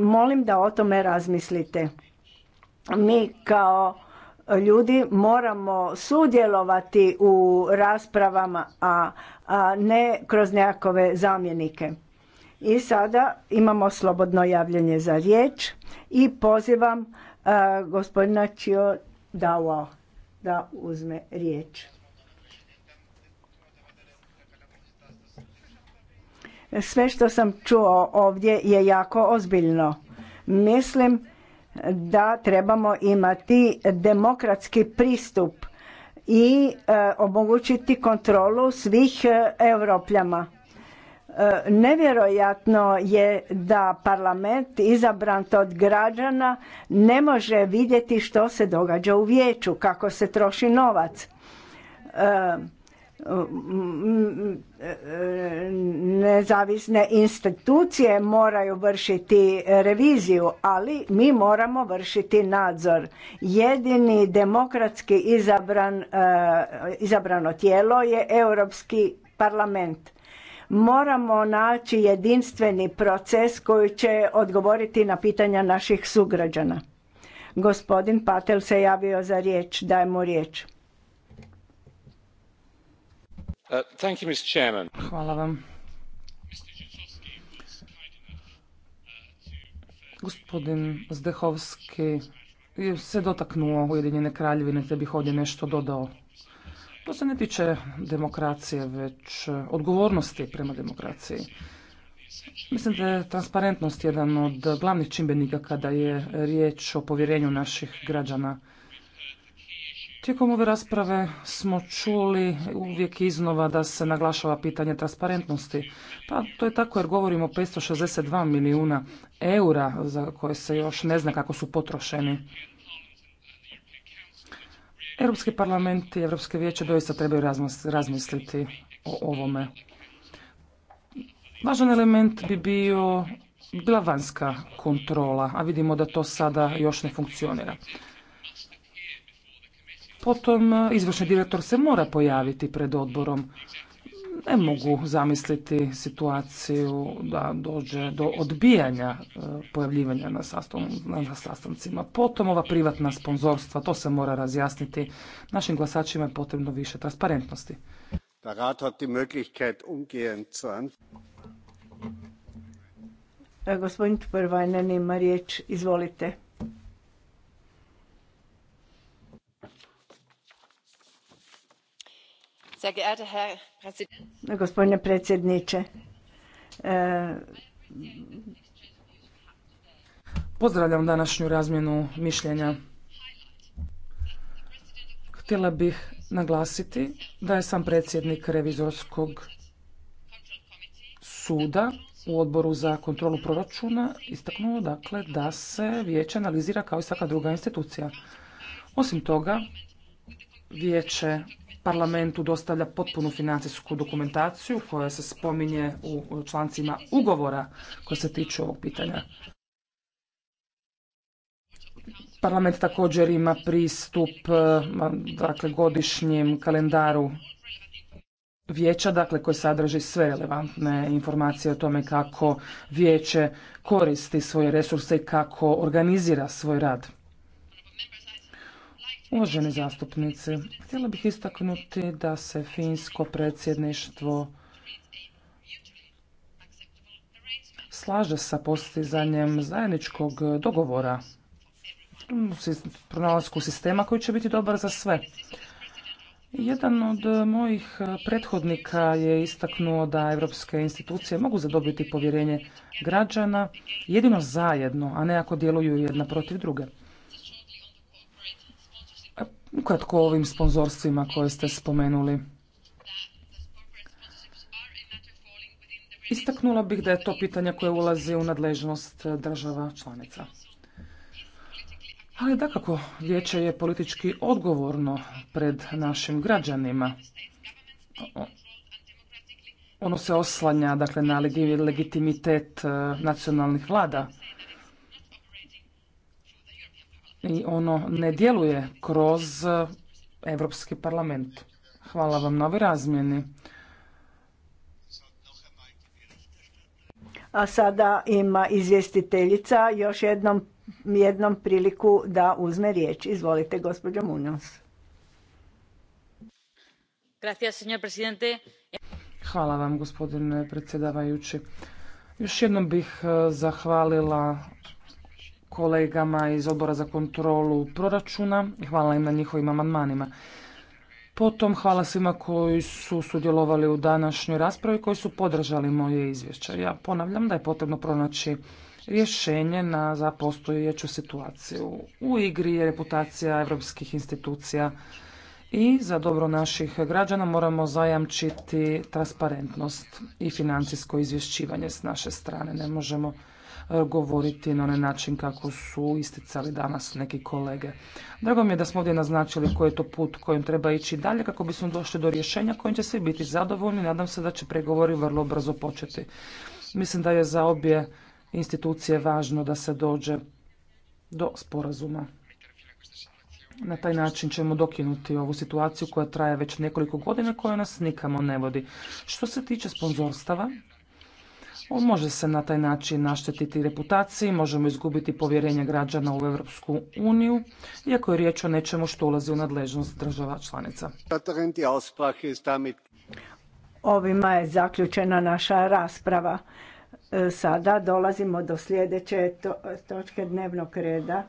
Molim da o tome razmislite. Mi kao ljudi moramo sudjelovati u raspravama, a, ne kroz nekakve zamjenike. I sada imamo slobodno javljanje za riječ i pozivam gospodina Čio Dao da uzme riječ. Sve što sam čuo ovdje je jako ozbiljno. Mislim da trebamo imati demokratski pristup i e, omogućiti kontrolu svih e, europljama. E, nevjerojatno je da parlament izabran od građana ne može vidjeti što se događa u vijeću, kako se troši novac nezavisne institucije moraju vršiti reviziju, ali mi moramo vršiti nadzor. Jedini demokratski izabran, eh, izabrano tijelo je Europski parlament. Moramo naći jedinstveni proces koji će odgovoriti na pitanja naših sugrađana. Gospodin Patel se javio za riječ, dajmo riječ. Uh, Hvala vam. Gospodin Zdehovski se dotaknuo Ujedinjene kraljevine, te bih ovdje nešto dodao. To se ne tiče demokracije, već odgovornosti prema demokraciji. Mislim da je transparentnost jedan od glavnih čimbenika kada je riječ o povjerenju naših građana Tijekom ove rasprave smo čuli uvijek iznova da se naglašava pitanje transparentnosti. Pa to je tako jer govorimo o 562 milijuna eura za koje se još ne zna kako su potrošeni. Europski parlament i Europske vijeće doista trebaju razmisliti o ovome. Važan element bi bio bila vanjska kontrola, a vidimo da to sada još ne funkcionira potom e, izvršni direktor se mora pojaviti pred odborom. Ne mogu zamisliti situaciju da dođe do odbijanja e, pojavljivanja na, sastancima. Potom ova privatna sponzorstva, to se mora razjasniti. Našim glasačima je potrebno više transparentnosti. E, gospodin ima riječ. Izvolite. Gospodine predsjedniče, e, Pozdravljam današnju razmjenu mišljenja. Htjela bih naglasiti da je sam predsjednik revizorskog suda u odboru za kontrolu proračuna istaknuo dakle da se vijeće analizira kao i svaka druga institucija. Osim toga, vijeće parlamentu dostavlja potpunu financijsku dokumentaciju koja se spominje u člancima ugovora koji se tiču ovog pitanja. Parlament također ima pristup eh, dakle, godišnjem kalendaru vijeća, dakle koji sadrži sve relevantne informacije o tome kako vijeće koristi svoje resurse i kako organizira svoj rad. Uvaženi zastupnici, htjela bih istaknuti da se finsko predsjedništvo slaže sa postizanjem zajedničkog dogovora pronalasku sistema koji će biti dobar za sve. Jedan od mojih prethodnika je istaknuo da evropske institucije mogu zadobiti povjerenje građana jedino zajedno, a ne ako djeluju jedna protiv druge. Ukratko ovim sponzorstvima koje ste spomenuli. Istaknula bih da je to pitanje koje ulazi u nadležnost država članica. Ali dakako, vijeće je politički odgovorno pred našim građanima. Ono se oslanja dakle, na legitimitet eh, nacionalnih vlada i ono ne djeluje kroz Europski parlament. Hvala vam na ovoj razmjeni. A sada ima izvjestiteljica još jednom, jednom priliku da uzme riječ. Izvolite, gospođo Munoz. Hvala vam, gospodine predsjedavajući. Još jednom bih eh, zahvalila kolegama iz odbora za kontrolu proračuna. Hvala im na njihovim amandmanima. Potom hvala svima koji su sudjelovali u današnjoj raspravi, koji su podržali moje izvješće. Ja ponavljam da je potrebno pronaći rješenje na za postojeću situaciju. U igri je reputacija europskih institucija i za dobro naših građana moramo zajamčiti transparentnost i financijsko izvješćivanje s naše strane. Ne možemo govoriti na onaj način kako su isticali danas neki kolege. Drago mi je da smo ovdje naznačili koji je to put kojim treba ići dalje kako bismo došli do rješenja kojim će svi biti zadovoljni. Nadam se da će pregovori vrlo brzo početi. Mislim da je za obje institucije važno da se dođe do sporazuma. Na taj način ćemo dokinuti ovu situaciju koja traje već nekoliko godina koja nas nikamo ne vodi. Što se tiče sponzorstava, on može se na taj način naštetiti reputaciji, možemo izgubiti povjerenje građana u Europsku uniju, iako je riječ o nečemu što ulazi u nadležnost država članica. Ovima je zaključena naša rasprava. E, sada dolazimo do sljedeće točke dnevnog reda.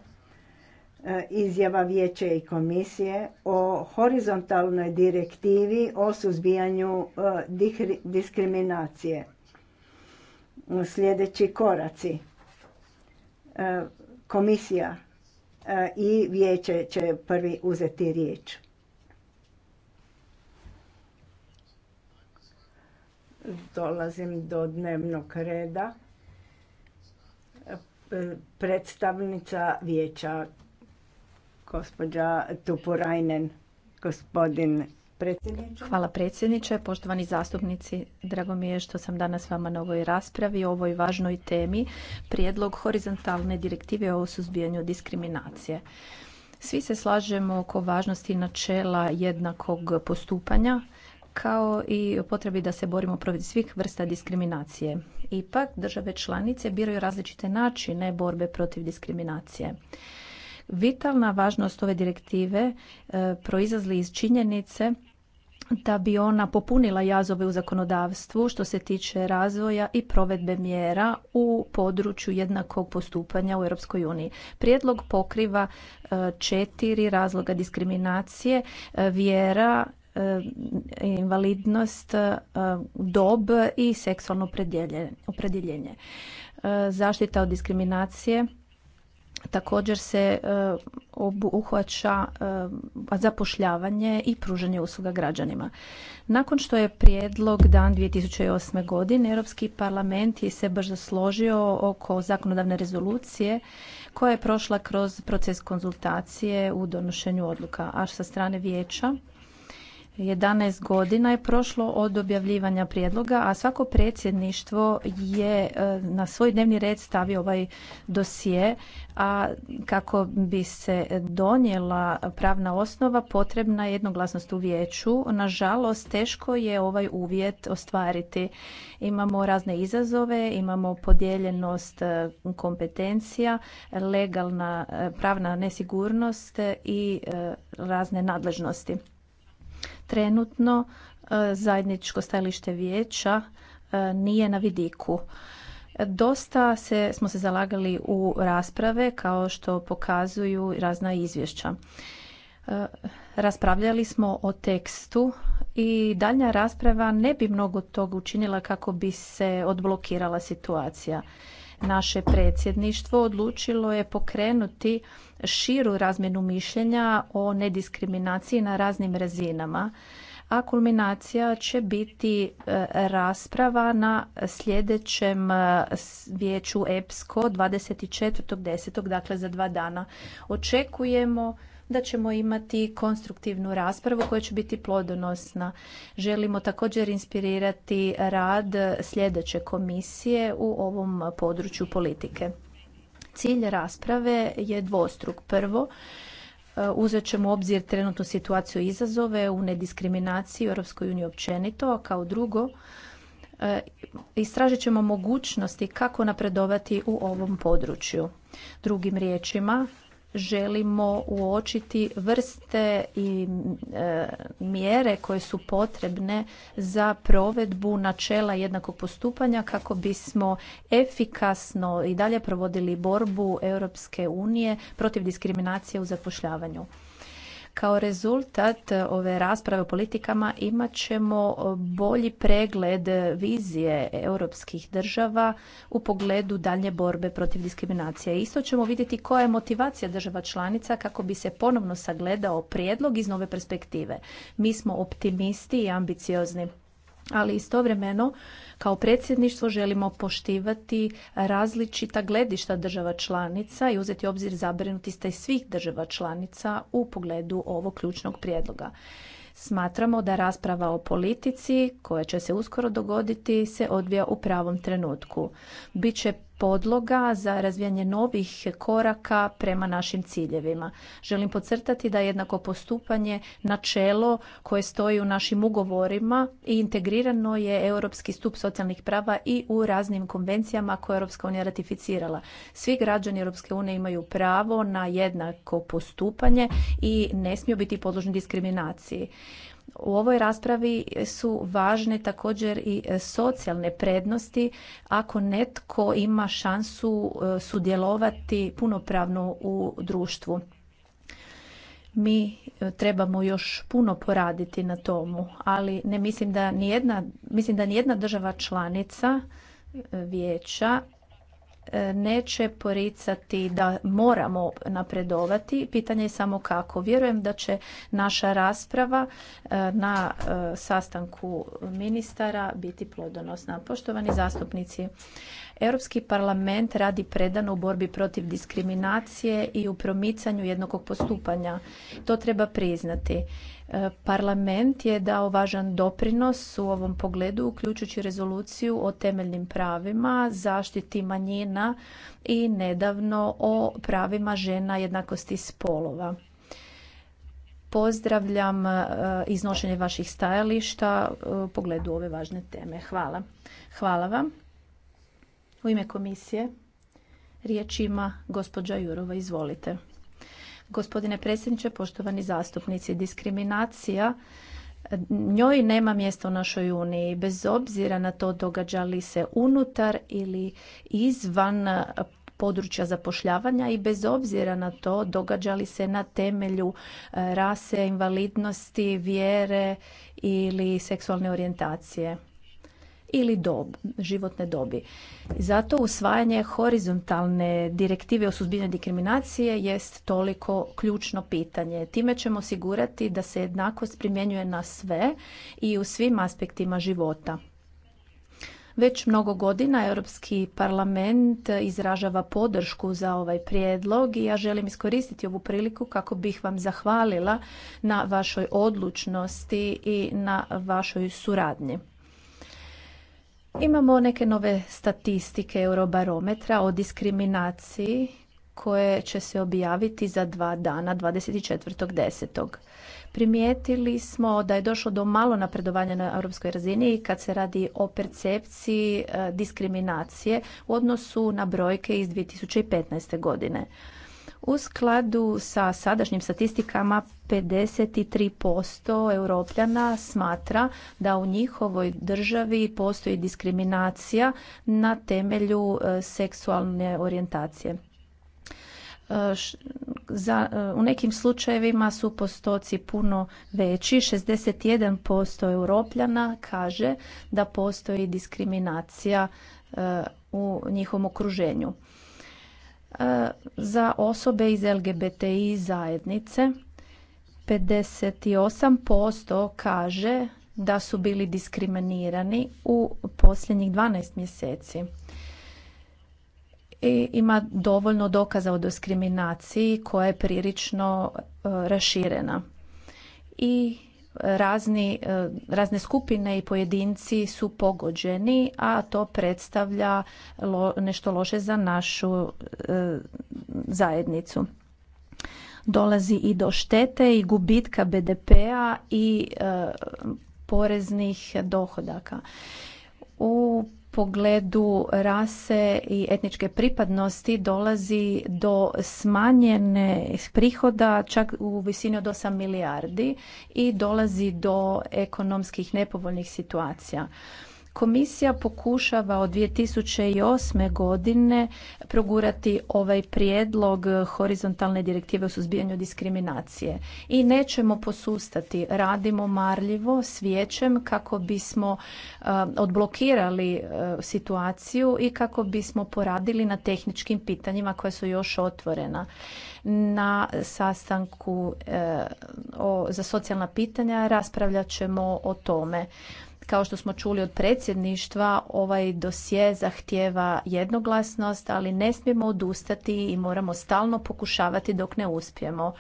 E, izjava Vijeće i komisije o horizontalnoj direktivi o suzbijanju e, diskriminacije sljedeći koraci. E, komisija e, i vijeće će prvi uzeti riječ. Dolazim do dnevnog reda. E, predstavnica vijeća, gospođa Tupurajnen, gospodin Hvala predsjedniče, poštovani zastupnici, drago mi je što sam danas s vama na ovoj raspravi o ovoj važnoj temi, prijedlog horizontalne direktive o suzbijanju diskriminacije. Svi se slažemo oko važnosti načela jednakog postupanja kao i o potrebi da se borimo protiv svih vrsta diskriminacije. Ipak, države članice biraju različite načine borbe protiv diskriminacije. Vitalna važnost ove direktive e, proizlazi iz činjenice da bi ona popunila jazove u zakonodavstvu što se tiče razvoja i provedbe mjera u području jednakog postupanja u Europskoj uniji. Prijedlog pokriva e, četiri razloga diskriminacije, e, vjera, e, invalidnost, dob i seksualno opredjeljenje. Zaštita od diskriminacije Također se e, obuhvaća e, zapošljavanje i pružanje usluga građanima. Nakon što je prijedlog dan 2008. godine, Europski parlament je se brzo složio oko zakonodavne rezolucije koja je prošla kroz proces konzultacije u donošenju odluka, a sa strane vijeća 11 godina je prošlo od objavljivanja prijedloga, a svako predsjedništvo je e, na svoj dnevni red stavio ovaj dosije, a kako bi se donijela pravna osnova potrebna je jednoglasnost u vijeću. Nažalost, teško je ovaj uvjet ostvariti. Imamo razne izazove, imamo podijeljenost e, kompetencija, legalna e, pravna nesigurnost i razne nadležnosti trenutno e, zajedničko stajalište vijeća e, nije na vidiku. Dosta se, smo se zalagali u rasprave kao što pokazuju razna izvješća. E, raspravljali smo o tekstu i daljnja rasprava ne bi mnogo toga učinila kako bi se odblokirala situacija. Naše predsjedništvo odlučilo je pokrenuti širu razmjenu mišljenja o nediskriminaciji na raznim razinama, a kulminacija će biti e, rasprava na sljedećem e, vijeću EPSCO 24.10. dakle za dva dana. Očekujemo da ćemo imati konstruktivnu raspravu koja će biti plodonosna. Želimo također inspirirati rad sljedeće komisije u ovom području politike. Cilj rasprave je dvostruk. Prvo, e, uzet ćemo u obzir trenutnu situaciju izazove u nediskriminaciji u Europskoj uniji općenito, a kao drugo, e, istražit ćemo mogućnosti kako napredovati u ovom području. Drugim riječima, želimo uočiti vrste i e, mjere koje su potrebne za provedbu načela jednakog postupanja kako bismo efikasno i dalje provodili borbu Europske unije protiv diskriminacije u zapošljavanju. Kao rezultat ove rasprave o politikama imat ćemo bolji pregled vizije europskih država u pogledu dalje borbe protiv diskriminacije. Isto ćemo vidjeti koja je motivacija država članica kako bi se ponovno sagledao prijedlog iz nove perspektive. Mi smo optimisti i ambiciozni ali istovremeno kao predsjedništvo želimo poštivati različita gledišta država članica i uzeti u obzir zabrinutosti svih država članica u pogledu ovog ključnog prijedloga. Smatramo da rasprava o politici koja će se uskoro dogoditi se odvija u pravom trenutku. Biće podloga za razvijanje novih koraka prema našim ciljevima. Želim podcrtati da je jednako postupanje načelo koje stoji u našim ugovorima i integrirano je Europski stup socijalnih prava i u raznim konvencijama koje je Europska unija ratificirala. Svi građani Europske unije imaju pravo na jednako postupanje i ne smiju biti podložni diskriminaciji. U ovoj raspravi su važne također i e, socijalne prednosti ako netko ima šansu e, sudjelovati punopravno u društvu. Mi e, trebamo još puno poraditi na tomu, ali ne mislim da nijedna, mislim da jedna država članica vijeća neće poricati da moramo napredovati, pitanje je samo kako. Vjerujem da će naša rasprava e, na e, sastanku ministara biti plodonosna. Poštovani zastupnici, Europski parlament radi predano u borbi protiv diskriminacije i u promicanju jednakog postupanja. To treba priznati. Parlament je dao važan doprinos u ovom pogledu uključujući rezoluciju o temeljnim pravima, zaštiti manjina i nedavno o pravima žena jednakosti spolova. Pozdravljam e, iznošenje vaših stajališta e, u pogledu ove važne teme. Hvala. Hvala vam. U ime komisije riječ ima gospođa Jurova. Izvolite. Gospodine predsjedniče, poštovani zastupnici, diskriminacija njoj nema mjesta u našoj uniji bez obzira na to događa li se unutar ili izvan područja zapošljavanja i bez obzira na to događa li se na temelju e, rase, invalidnosti, vjere ili seksualne orijentacije ili dob, životne dobi. Zato usvajanje horizontalne direktive o suzbijanju diskriminacije jest toliko ključno pitanje. Time ćemo osigurati da se jednakost primjenjuje na sve i u svim aspektima života. Već mnogo godina Europski parlament izražava podršku za ovaj prijedlog i ja želim iskoristiti ovu priliku kako bih vam zahvalila na vašoj odlučnosti i na vašoj suradnji. Imamo neke nove statistike Eurobarometra o diskriminaciji koje će se objaviti za dva dana, 24.10. Primijetili smo da je došlo do malo napredovanja na europskoj razini kad se radi o percepciji e, diskriminacije u odnosu na brojke iz 2015. godine. U skladu sa sadašnjim statistikama 53% europljana smatra da u njihovoj državi postoji diskriminacija na temelju e, seksualne orijentacije. E, e, u nekim slučajevima su postoci puno veći. 61% europljana kaže da postoji diskriminacija u njihovom okruženju za osobe iz LGBTI zajednice. 58% kaže da su bili diskriminirani u posljednjih 12 mjeseci. I ima dovoljno dokaza o diskriminaciji koja je prilično e, raširena. I razni, e, razne skupine i pojedinci su pogođeni, a to predstavlja nešto loše za našu e, zajednicu dolazi i do štete i gubitka BDP-a i e, poreznih dohodaka. U pogledu rase i etničke pripadnosti dolazi do smanjene prihoda čak u visini od 8 milijardi i dolazi do ekonomskih nepovoljnih situacija. Komisija pokušava od 2008. godine progurati ovaj prijedlog horizontalne direktive o suzbijanju diskriminacije i nećemo posustati. Radimo marljivo s vijećem kako bismo e, odblokirali e, situaciju i kako bismo poradili na tehničkim pitanjima koja su još otvorena. Na sastanku e, za socijalna pitanja raspravljat ćemo o tome. Kao što smo čuli od predsjedništva, ovaj dosje zahtjeva jednoglasnost, ali ne smijemo odustati i moramo stalno pokušavati dok ne uspijemo.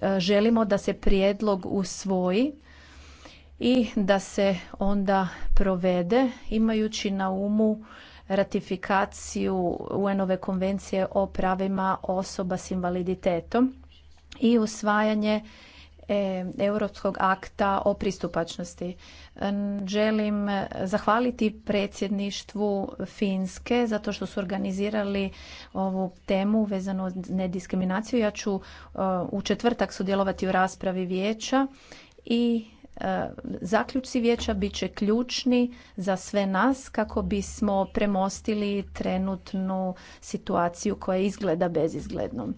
E, želimo da se prijedlog usvoji i da se onda provede imajući na umu ratifikaciju UN-ove konvencije o pravima osoba s invaliditetom i usvajanje E, europskog akta o pristupačnosti. E, želim zahvaliti predsjedništvu Finske zato što su organizirali ovu temu vezanu uz nediskriminaciju. Ja ću e, u četvrtak sudjelovati u raspravi vijeća i Zaključci vijeća bit će ključni za sve nas kako bismo premostili trenutnu situaciju koja izgleda bezizglednom.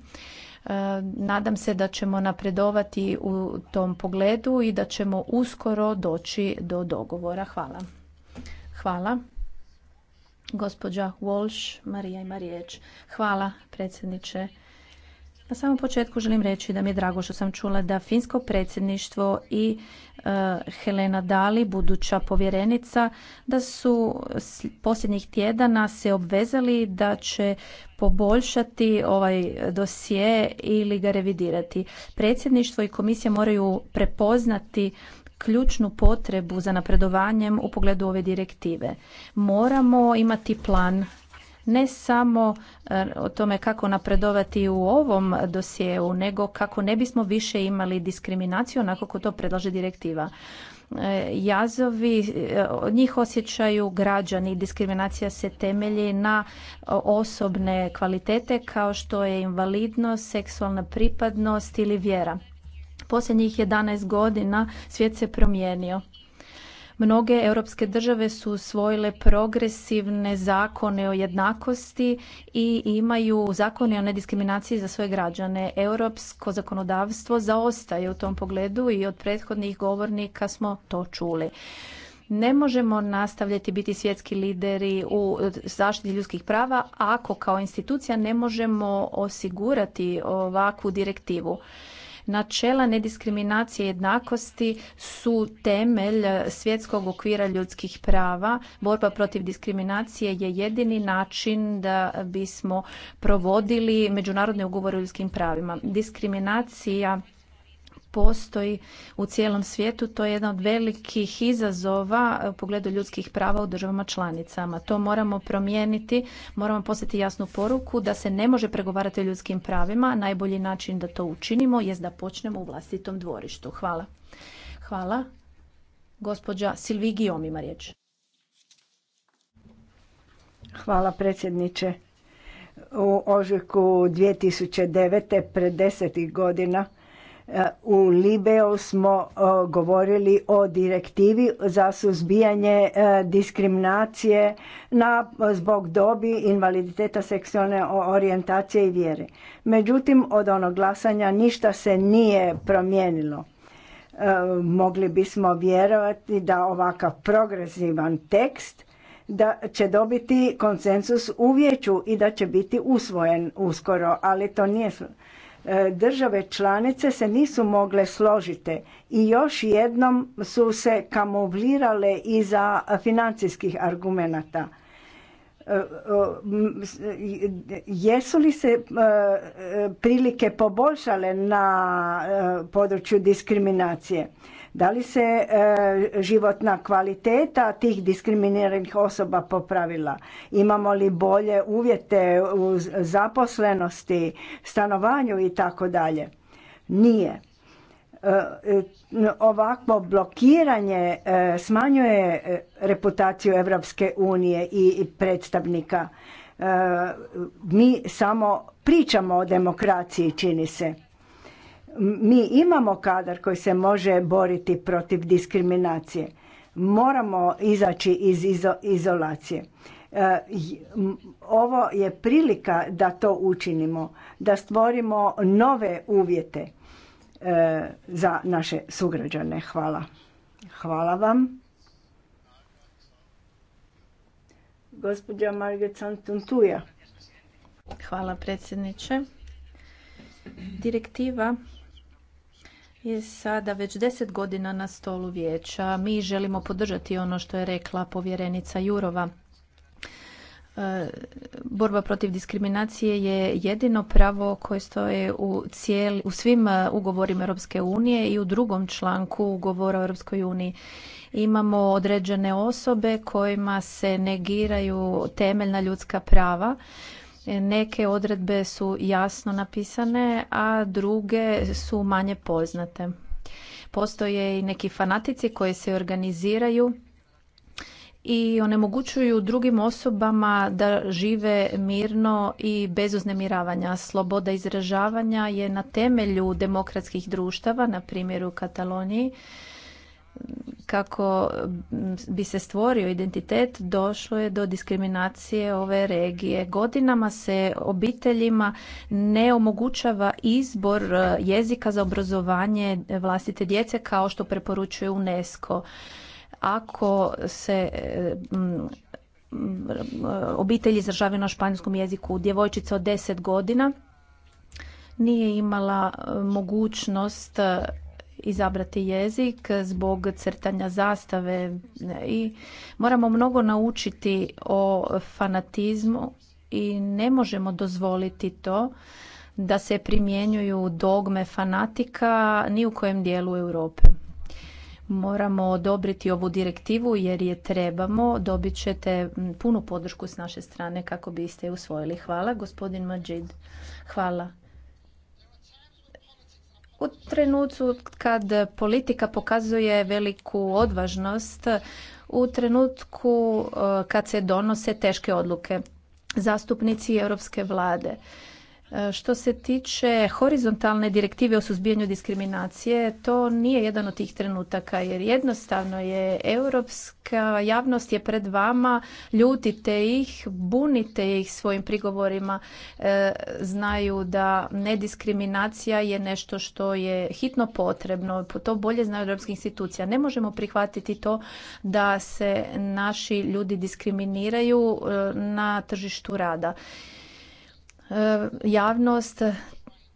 E, nadam se da ćemo napredovati u tom pogledu i da ćemo uskoro doći do dogovora. Hvala. Hvala. Gospođa Walsh, Marija ima riječ. Hvala predsjedniče. Na samom početku želim reći da mi je drago što sam čula da finsko predsjedništvo i e, Helena Dali, buduća povjerenica, da su posljednjih tjedana se obvezali da će poboljšati ovaj dosje ili ga revidirati. Predsjedništvo i komisija moraju prepoznati ključnu potrebu za napredovanjem u pogledu ove direktive. Moramo imati plan ne samo e, o tome kako napredovati u ovom dosjeu, nego kako ne bismo više imali diskriminaciju onako kako to predlaže direktiva e, jazovi, od e, njih osjećaju građani. Diskriminacija se temelji na osobne kvalitete kao što je invalidnost, seksualna pripadnost ili vjera. Posljednjih 11 godina svijet se promijenio Mnoge europske države su usvojile progresivne zakone o jednakosti i imaju zakone o nediskriminaciji za svoje građane. Europsko zakonodavstvo zaostaje u tom pogledu i od prethodnih govornika smo to čuli ne možemo nastavljati biti svjetski lideri u zaštiti ljudskih prava ako kao institucija ne možemo osigurati ovakvu direktivu. Načela nediskriminacije i jednakosti su temelj svjetskog okvira ljudskih prava. Borba protiv diskriminacije je jedini način da bismo provodili međunarodne ugovore o ljudskim pravima. Diskriminacija postoji u cijelom svijetu, to je jedan od velikih izazova u pogledu ljudskih prava u državama članicama. To moramo promijeniti, moramo poslati jasnu poruku da se ne može pregovarati o ljudskim pravima. Najbolji način da to učinimo je da počnemo u vlastitom dvorištu. Hvala. Hvala. Gospođa Silvi ima riječ. Hvala predsjedniče. U ožujku 2009. pred deset godina u Libeo smo govorili o direktivi za suzbijanje e, diskriminacije na, zbog dobi, invaliditeta, seksualne orijentacije i vjere. Međutim, od onog glasanja ništa se nije promijenilo. E, mogli bismo vjerovati da ovakav progresivan tekst da će dobiti konsensus u vijeću i da će biti usvojen uskoro, ali to nije E, države članice se nisu mogle složiti i još jednom su se kamovlirale iza financijskih argumenata. E, jesu li se e, prilike poboljšale na području diskriminacije? Da li se e, životna kvaliteta tih diskriminiranih osoba popravila? Imamo li bolje uvjete u zaposlenosti, stanovanju i tako dalje? Nije. E, ovakvo blokiranje e, smanjuje reputaciju Europske unije i predstavnika. Mi samo pričamo o demokraciji, čini se. Mi imamo kadar koji se može boriti protiv diskriminacije. Moramo izaći iz izolacije. E, ovo je prilika da to učinimo, da stvorimo nove uvjete e, za naše sugrađane. Hvala. Hvala vam. Gospođa Margaret Santuntuja. Hvala predsjedniče. Direktiva je sada već deset godina na stolu vijeća. Mi želimo podržati ono što je rekla povjerenica Jurova. E, borba protiv diskriminacije je jedino pravo koje stoje u, u svim e, ugovorima Europske unije i u drugom članku ugovora o Europskoj uniji imamo određene osobe kojima se negiraju temeljna ljudska prava Neke odredbe su jasno napisane, a druge su manje poznate. Postoje i neki fanatici koji se organiziraju i onemogućuju drugim osobama da žive mirno i bez uznemiravanja. Sloboda izražavanja je na temelju demokratskih društava, na primjer u Kataloniji, kako bi se stvorio identitet došlo je do diskriminacije ove regije. Godinama se obiteljima ne omogućava izbor e, jezika za obrazovanje vlastite djece kao što preporučuje UNESCO. Ako se e, obitelji izražavaju na španjolskom jeziku djevojčica od 10 godina nije imala e, mogućnost izabrati jezik zbog crtanja zastave i moramo mnogo naučiti o fanatizmu i ne možemo dozvoliti to da se primjenjuju dogme fanatika ni u kojem dijelu Europe. Moramo odobriti ovu direktivu jer je trebamo. Dobit ćete punu podršku s naše strane kako biste je usvojili. Hvala, gospodin Mađid. Hvala. U trenutku kad politika pokazuje veliku odvažnost, u trenutku e, kad se donose teške odluke zastupnici europske vlade E, što se tiče horizontalne direktive o suzbijanju diskriminacije, to nije jedan od tih trenutaka jer jednostavno je europska javnost je pred vama, ljutite ih, bunite ih svojim prigovorima, e, znaju da nediskriminacija je nešto što je hitno potrebno, to bolje znaju europske institucija. Ne možemo prihvatiti to da se naši ljudi diskriminiraju e, na tržištu rada. E, javnost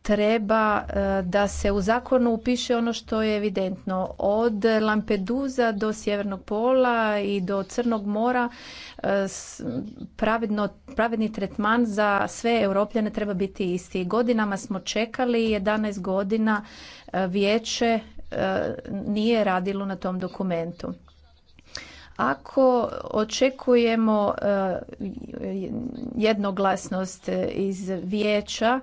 treba e, da se u zakonu upiše ono što je evidentno. Od Lampedusa do Sjevernog pola i do Crnog mora e, pravedno, pravedni tretman za sve europljane treba biti isti. Godinama smo čekali, 11 godina vijeće nije radilo na tom dokumentu. Ako očekujemo eh, jednoglasnost eh, iz vijeća,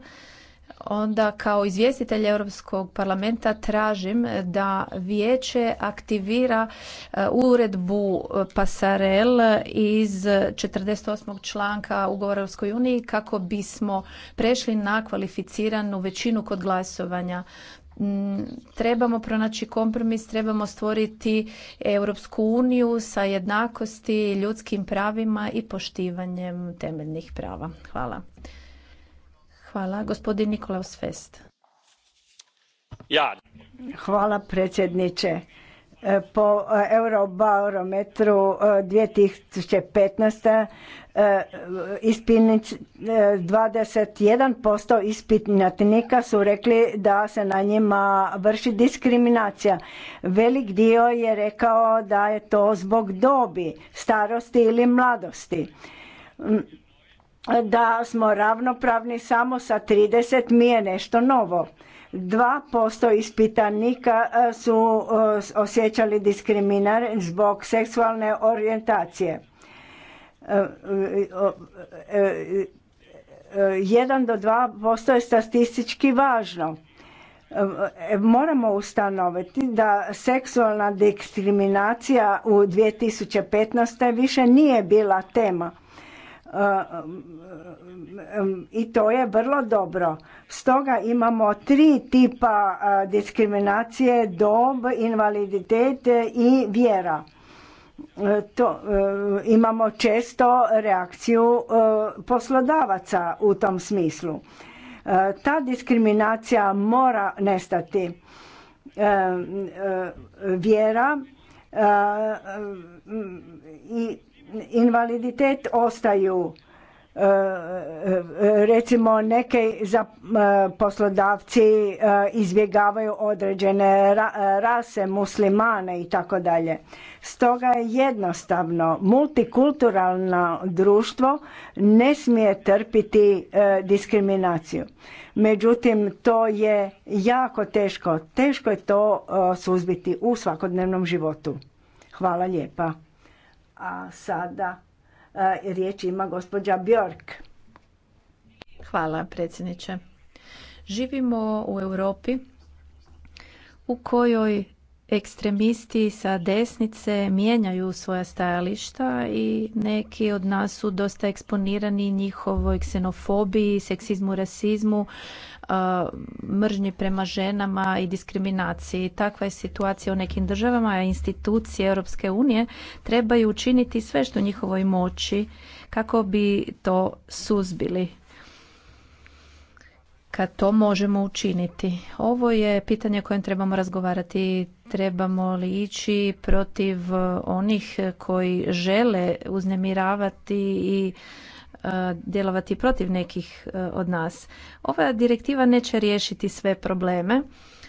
onda kao izvjestitelj Europskog parlamenta tražim da vijeće aktivira eh, uredbu Pasarel iz 48. članka ugovora Europskoj uniji kako bismo prešli na kvalificiranu većinu kod glasovanja trebamo pronaći kompromis, trebamo stvoriti Europsku uniju sa jednakosti, ljudskim pravima i poštivanjem temeljnih prava. Hvala. Hvala. Gospodin Nikolaus Fest. Hvala predsjedniče. E, po e, Eurobarometru 2015. Ispinić, 21% ispitnatnika su rekli da se na njima vrši diskriminacija. Velik dio je rekao da je to zbog dobi, starosti ili mladosti da smo ravnopravni samo sa 30 mi je nešto novo. 2% ispitanika e, su e, osjećali diskriminar zbog seksualne orijentacije. E, jedan do 2% je statistički važno. Moramo ustanoviti da seksualna diskriminacija u 2015. više nije bila tema Um, i to je vrlo dobro. Stoga imamo tri tipa uh, diskriminacije, dob, invaliditet i vjera. Uh, to, uh, imamo često reakciju poslodavaca u tom smislu. Ta diskriminacija mora nestati. Vjera um, i invaliditet ostaju e, e, recimo neke e, poslodavci izbjegavaju određene rase, muslimane i tako dalje. Stoga je jednostavno multikulturalno društvo ne smije trpiti diskriminaciju. Međutim, to je jako teško. Teško je to suzbiti u svakodnevnom životu. Hvala lijepa. A sada e, riječ ima gospođa Bjork. Hvala predsjedniče. Živimo u Europi u kojoj ekstremisti sa desnice mijenjaju svoja stajališta i neki od nas su dosta eksponirani njihovoj ksenofobiji, seksizmu, rasizmu, mržnji prema ženama i diskriminaciji. Takva je situacija u nekim državama, a institucije Europske unije trebaju učiniti sve što njihovoj moći kako bi to suzbili kad to možemo učiniti? Ovo je pitanje o kojem trebamo razgovarati. Trebamo li ići protiv onih koji žele uznemiravati i e, djelovati protiv nekih e, od nas? Ova direktiva neće riješiti sve probleme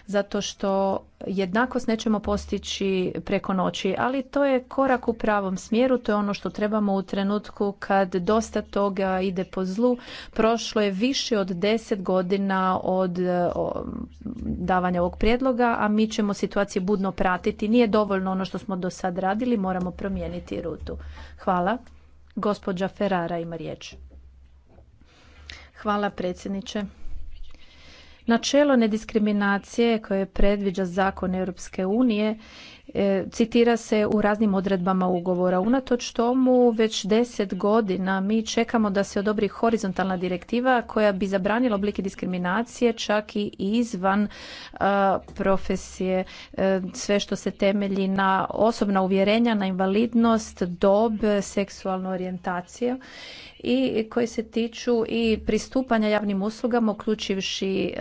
zato što jednakost nećemo postići preko noći, ali to je korak u pravom smjeru, to je ono što trebamo u trenutku kad dosta toga ide po zlu. Prošlo je više od deset godina od e, davanja ovog prijedloga, a mi ćemo situaciju budno pratiti. Nije dovoljno ono što smo do sad radili, moramo promijeniti rutu. Hvala. Gospođa Ferrara ima riječ. Hvala predsjedniče. Načelo nediskriminacije koje predviđa zakon Europske unije e, citira se u raznim odredbama ugovora. Unatoč tomu već deset godina mi čekamo da se odobri horizontalna direktiva koja bi zabranila oblike diskriminacije čak i izvan e, profesije, e, sve što se temelji na osobna uvjerenja, na invalidnost, dob, seksualnu orijentaciju i koji se tiču i pristupanja javnim uslugama uključivši